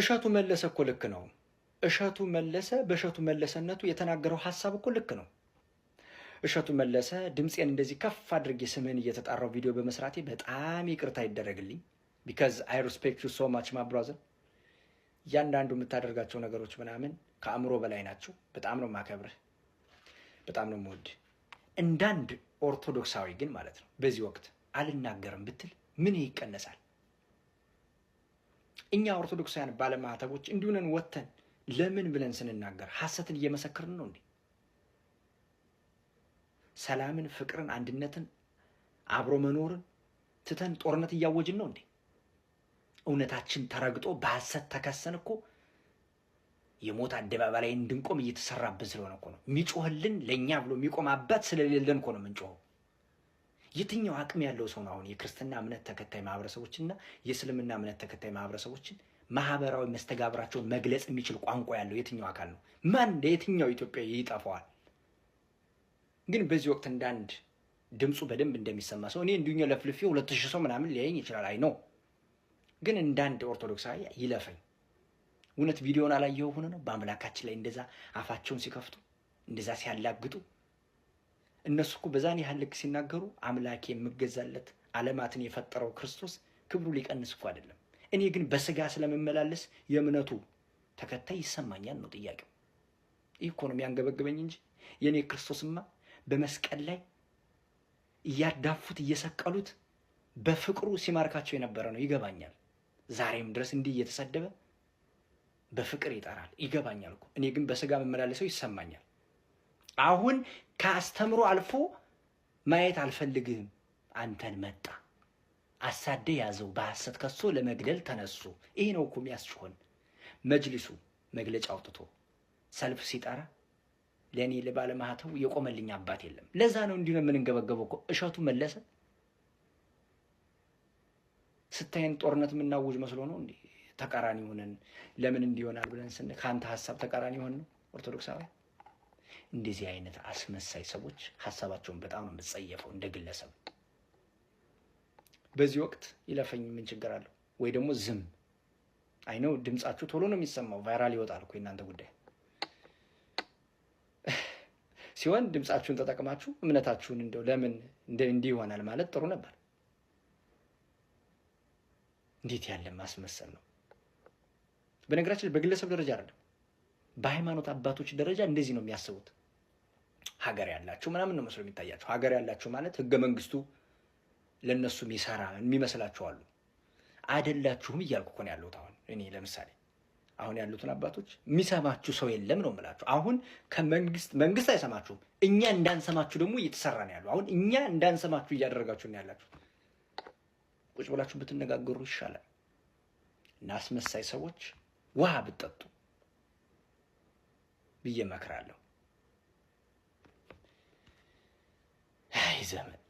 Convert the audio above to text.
እሸቱ መለሰ እኮ ልክ ነው። እሸቱ መለሰ በእሸቱ መለሰነቱ የተናገረው ሀሳብ እኮ ልክ ነው። እሸቱ መለሰ ድምፄን እንደዚህ ከፍ አድርጌ ስምህን እየተጣራው ቪዲዮ በመስራቴ በጣም ይቅርታ ይደረግልኝ። ቢካዝ አይ ሪስፔክት ዩ ሶ ማች ማብራዘር እያንዳንዱ የምታደርጋቸው ነገሮች ምናምን ከአእምሮ በላይ ናቸው። በጣም ነው ማከብርህ፣ በጣም ነው መወድ። እንዳንድ ኦርቶዶክሳዊ ግን ማለት ነው በዚህ ወቅት አልናገርም ብትል ምን ይቀነሳል? እኛ ኦርቶዶክሳውያን ባለማዕተቦች እንዲሁነን ወጥተን ለምን ብለን ስንናገር ሐሰትን እየመሰከርን ነው እንዴ? ሰላምን፣ ፍቅርን፣ አንድነትን፣ አብሮ መኖርን ትተን ጦርነት እያወጅን ነው እንዴ? እውነታችን ተረግጦ በሐሰት ተከሰን እኮ የሞት አደባባይ ላይ እንድንቆም እየተሰራብን ስለሆነ እኮ ነው የሚጮህልን። ለእኛ ብሎ የሚቆም አባት ስለሌለን እኮ ነው የምንጮኸው። የትኛው አቅም ያለው ሰው ነው አሁን የክርስትና እምነት ተከታይ ማህበረሰቦችና የእስልምና እምነት ተከታይ ማህበረሰቦችን ማህበራዊ መስተጋብራቸውን መግለጽ የሚችል ቋንቋ ያለው የትኛው አካል ነው? ማን ለየትኛው ኢትዮጵያ ይጠፋዋል? ግን በዚህ ወቅት እንዳንድ ድምፁ በደንብ እንደሚሰማ ሰው እኔ እንዲሁ ለፍልፌ ሁለት ሺህ ሰው ምናምን ሊያየኝ ይችላል። አይ ነው ግን እንዳንድ ኦርቶዶክሳዊ ይለፈኝ። እውነት ቪዲዮን አላየው ሆነ ነው በአምላካችን ላይ እንደዛ አፋቸውን ሲከፍቱ እንደዛ ሲያላግጡ እነሱ እኮ በዛን ያህል ልክ ሲናገሩ አምላኬ የምገዛለት አለማትን የፈጠረው ክርስቶስ ክብሩ ሊቀንስ እኮ አይደለም። እኔ ግን በስጋ ስለምመላለስ የእምነቱ ተከታይ ይሰማኛል ነው ጥያቄው። ይህ እኮ ነው የሚያንገበግበኝ እንጂ የእኔ ክርስቶስማ በመስቀል ላይ እያዳፉት እየሰቀሉት በፍቅሩ ሲማርካቸው የነበረ ነው። ይገባኛል። ዛሬም ድረስ እንዲህ እየተሰደበ በፍቅር ይጠራል። ይገባኛል እኮ እኔ ግን በስጋ መመላለሰው ይሰማኛል። አሁን ከአስተምሮ አልፎ ማየት አልፈልግህም። አንተን መጣ አሳደ ያዘው በሐሰት ከሶ ለመግደል ተነሱ። ይሄ ነው እኮ የሚያስችሆን። መጅልሱ መግለጫ አውጥቶ ሰልፍ ሲጠራ ለእኔ ለባለማህተው የቆመልኝ አባት የለም። ለዛ ነው እንዲሁ ነው የምንንገበገበው እኮ። እሸቱ መለሰ ስታይን ጦርነት የምናውጅ መስሎ ነው እንዲህ ተቃራኒ ሆነን ለምን እንዲሆናል ብለን ስን ከአንተ ሀሳብ ተቃራኒ ሆን ነው ኦርቶዶክሳውያን እንደዚህ አይነት አስመሳይ ሰዎች ሀሳባቸውን በጣም ነው የምጸየፈው እንደ ግለሰብ። በዚህ ወቅት ይለፈኝ ምን ችግር አለው? ወይ ደግሞ ዝም አይነው። ድምጻችሁ ቶሎ ነው የሚሰማው፣ ቫይራል ይወጣል እኮ የእናንተ ጉዳይ ሲሆን ድምጻችሁን ተጠቅማችሁ እምነታችሁን እንደው ለምን እንዲህ ይሆናል ማለት ጥሩ ነበር። እንዴት ያለ ማስመሰል ነው! በነገራችን በግለሰብ ደረጃ አይደለም፣ በሃይማኖት አባቶች ደረጃ እንደዚህ ነው የሚያስቡት። ሀገር ያላችሁ ምናምን ነው መስሎ የሚታያቸው። ሀገር ያላችሁ ማለት ህገ መንግስቱ ለእነሱ የሚሰራ የሚመስላችሁ አሉ። አይደላችሁም እያልኩ እኮ ነው ያለሁት። አሁን እኔ ለምሳሌ አሁን ያሉትን አባቶች የሚሰማችሁ ሰው የለም ነው የምላችሁ። አሁን ከመንግስት መንግስት አይሰማችሁም። እኛ እንዳንሰማችሁ ደግሞ እየተሰራ ነው ያሉ። አሁን እኛ እንዳንሰማችሁ እያደረጋችሁ ነው ያላችሁ። ቁጭ ብላችሁ ብትነጋገሩ ይሻላል እና አስመሳይ ሰዎች ውሃ ብትጠጡ ብዬ እመክራለሁ። teyzemi.